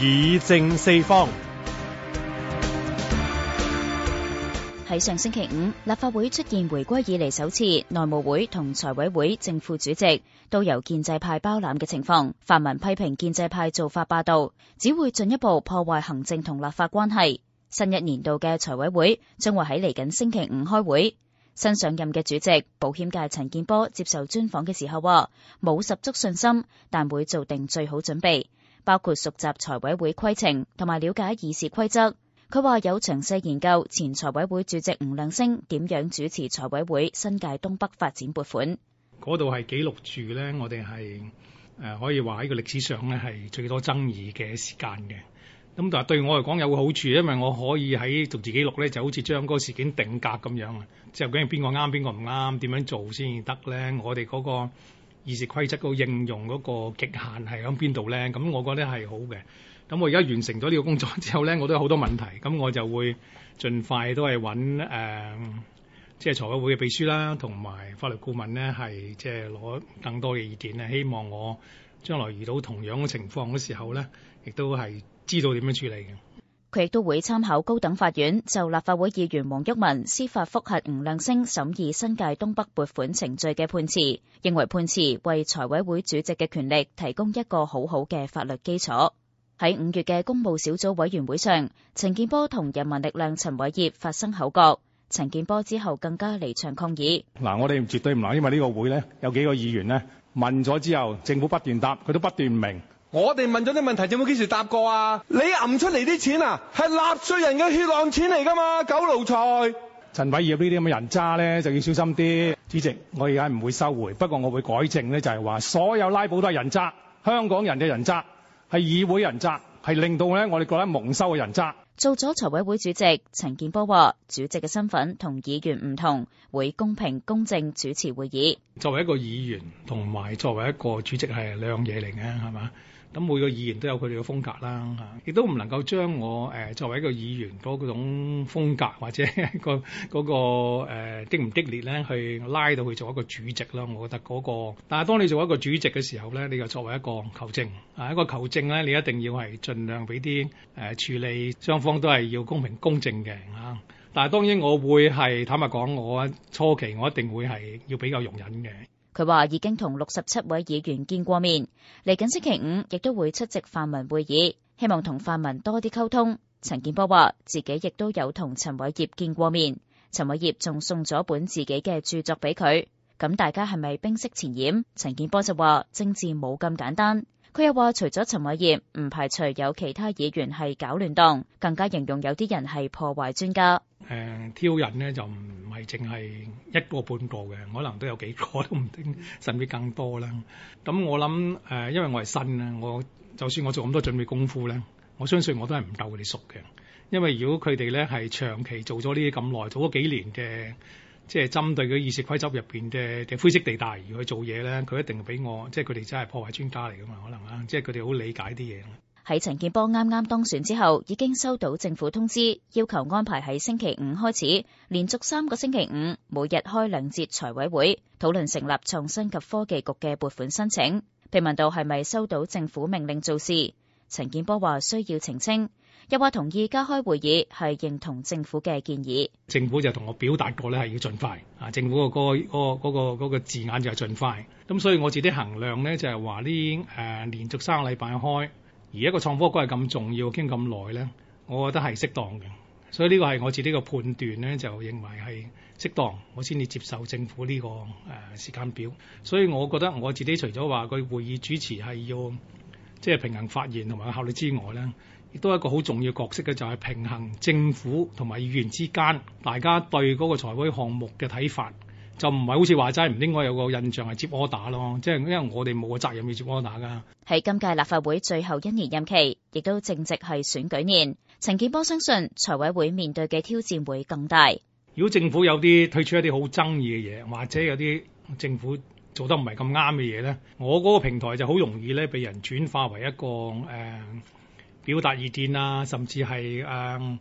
議政四方。喺上星期五，立法會出現回歸以嚟首次內務會同財委會正副主席都由建制派包攬嘅情況，泛民批評建制派做法霸道，只會進一步破壞行政同立法關係。新一年度嘅財委會將會喺嚟緊星期五開會。新上任嘅主席保險界陳健波接受專訪嘅時候話：冇十足信心，但會做定最好準備。包括熟習財委會規程同埋了解議事規則。佢話有詳細研究前財委會主席吳亮星點樣主持財委會新界東北發展撥款。嗰度係記錄住咧，我哋係誒可以話喺個歷史上咧係最多爭議嘅時間嘅。咁但係對我嚟講有個好處，因為我可以喺同自己錄咧，就好似將嗰個事件定格咁樣。即究竟邊個啱邊個唔啱，點樣做先至得咧？我哋嗰個。議事規則嗰個應用嗰個極限係響邊度咧？咁我覺得係好嘅。咁我而家完成咗呢個工作之後咧，我都有好多問題，咁我就會盡快都係揾誒，即、呃、係、就是、財委會嘅秘書啦，同埋法律顧問咧，係即係攞更多嘅意見啊。希望我將來遇到同樣嘅情況嘅時候咧，亦都係知道點樣處理嘅。佢亦都會參考高等法院就立法會議員黃毓民司法覆核吳亮星審議新界東北撥款程序嘅判詞，認為判詞為財委會主席嘅權力提供一個好好嘅法律基礎。喺五月嘅公務小組委員會上，陳健波同人民力量陳偉業發生口角，陳健波之後更加離場抗議。嗱，我哋絕對唔難，因為呢個會呢有幾個議員呢問咗之後，政府不斷答，佢都不斷唔明。我哋問咗啲問題，有冇幾時答過啊？你揜出嚟啲錢啊，係納稅人嘅血汗錢嚟㗎嘛，狗奴才！陳偉業呢啲咁嘅人渣咧，就要小心啲。主席，我而家唔會收回，不過我會改正咧，就係話所有拉布都係人渣，香港人嘅人渣，係議會人渣，係令到咧我哋覺得蒙羞嘅人渣。做咗財委會主席，陳健波話：主席嘅身份同議員唔同，會公平公正主持會議。作為一個議員同埋作為一個主席係兩樣嘢嚟嘅，係嘛？咁每個議員都有佢哋嘅風格啦，嚇，亦都唔能夠將我誒作為一個議員嗰嗰種風格或者、嗰個嗰個、呃、激唔激烈咧，去拉到去做一個主席啦。我覺得嗰、嗰個，但係當你做一個主席嘅時候咧，你又作為一個求證，啊，一個求證咧，你一定要係盡量俾啲誒處理雙方都係要公平公正嘅，嚇。但係當然我會係坦白講，我初期我一定會係要比較容忍嘅。佢話已經同六十七位議員見過面，嚟緊星期五亦都會出席泛民會議，希望同泛民多啲溝通。陳健波話自己亦都有同陳偉業見過面，陳偉業仲送咗本自己嘅著作俾佢。咁大家係咪冰釋前嫌？陳健波就話政治冇咁簡單。佢又話除咗陳偉業，唔排除有其他議員係搞亂檔，更加形容有啲人係破壞專家。誒、嗯、挑釁咧就唔係淨係一個半個嘅，可能都有幾個都唔定，甚至更多啦。咁我諗誒、呃，因為我係新啦，我就算我做咁多準備功夫咧，我相信我都係唔夠佢哋熟嘅。因為如果佢哋咧係長期做咗呢啲咁耐，做咗幾年嘅，即係針對嗰議事規則入邊嘅灰色地帶而去做嘢咧，佢一定俾我，即係佢哋真係破壞專家嚟㗎嘛？可能啊，即係佢哋好理解啲嘢。喺陳健波啱啱當選之後，已經收到政府通知，要求安排喺星期五開始，連續三個星期五，每日開兩節財委會討論成立創新及科技局嘅撥款申請。被問到係咪收到政府命令做事，陳健波話需要澄清，又話同意加開會議係認同政府嘅建議。政府就同我表達過咧，係要盡快啊。政府嗰個、嗰個、嗰個、嗰個字眼就係盡快咁，所以我自己衡量呢，就係話呢誒，連續三個禮拜開。而一個創科局係咁重要，傾咁耐呢，我覺得係適當嘅。所以呢個係我自己嘅判斷呢，就認為係適當，我先至接受政府呢個誒時間表。所以我覺得我自己除咗話佢會議主持係要即係，就是，平衡發言同埋效率之外呢，亦都係一個好重要角色嘅，就係，是，平衡政府同埋議員之間大家對嗰個財委項目嘅睇法。就唔係好似話齋，唔應該有個印象係接柯打咯，即係因為我哋冇個責任要接柯打噶。喺今屆立法會最後一年任期，亦都正值係選舉年，陳健波相信財委會面對嘅挑戰會更大。如果政府有啲推出一啲好爭議嘅嘢，或者有啲政府做得唔係咁啱嘅嘢咧，我嗰個平台就好容易咧，被人轉化為一個誒、呃、表達意見啊，甚至係誒。呃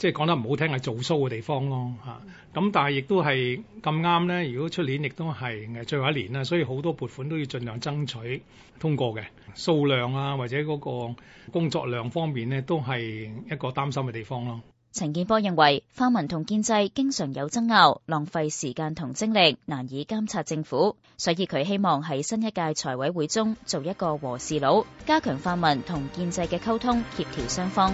即係講得唔好聽係做騷嘅地方咯嚇，咁但係亦都係咁啱呢。如果出年亦都係最後一年啦，所以好多撥款都要盡量爭取通過嘅數量啊，或者嗰個工作量方面呢，都係一個擔心嘅地方咯。陳健波認為，泛民同建制經常有爭拗，浪費時間同精力，難以監察政府，所以佢希望喺新一屆財委會中做一個和事佬，加強泛民同建制嘅溝通，協調雙方。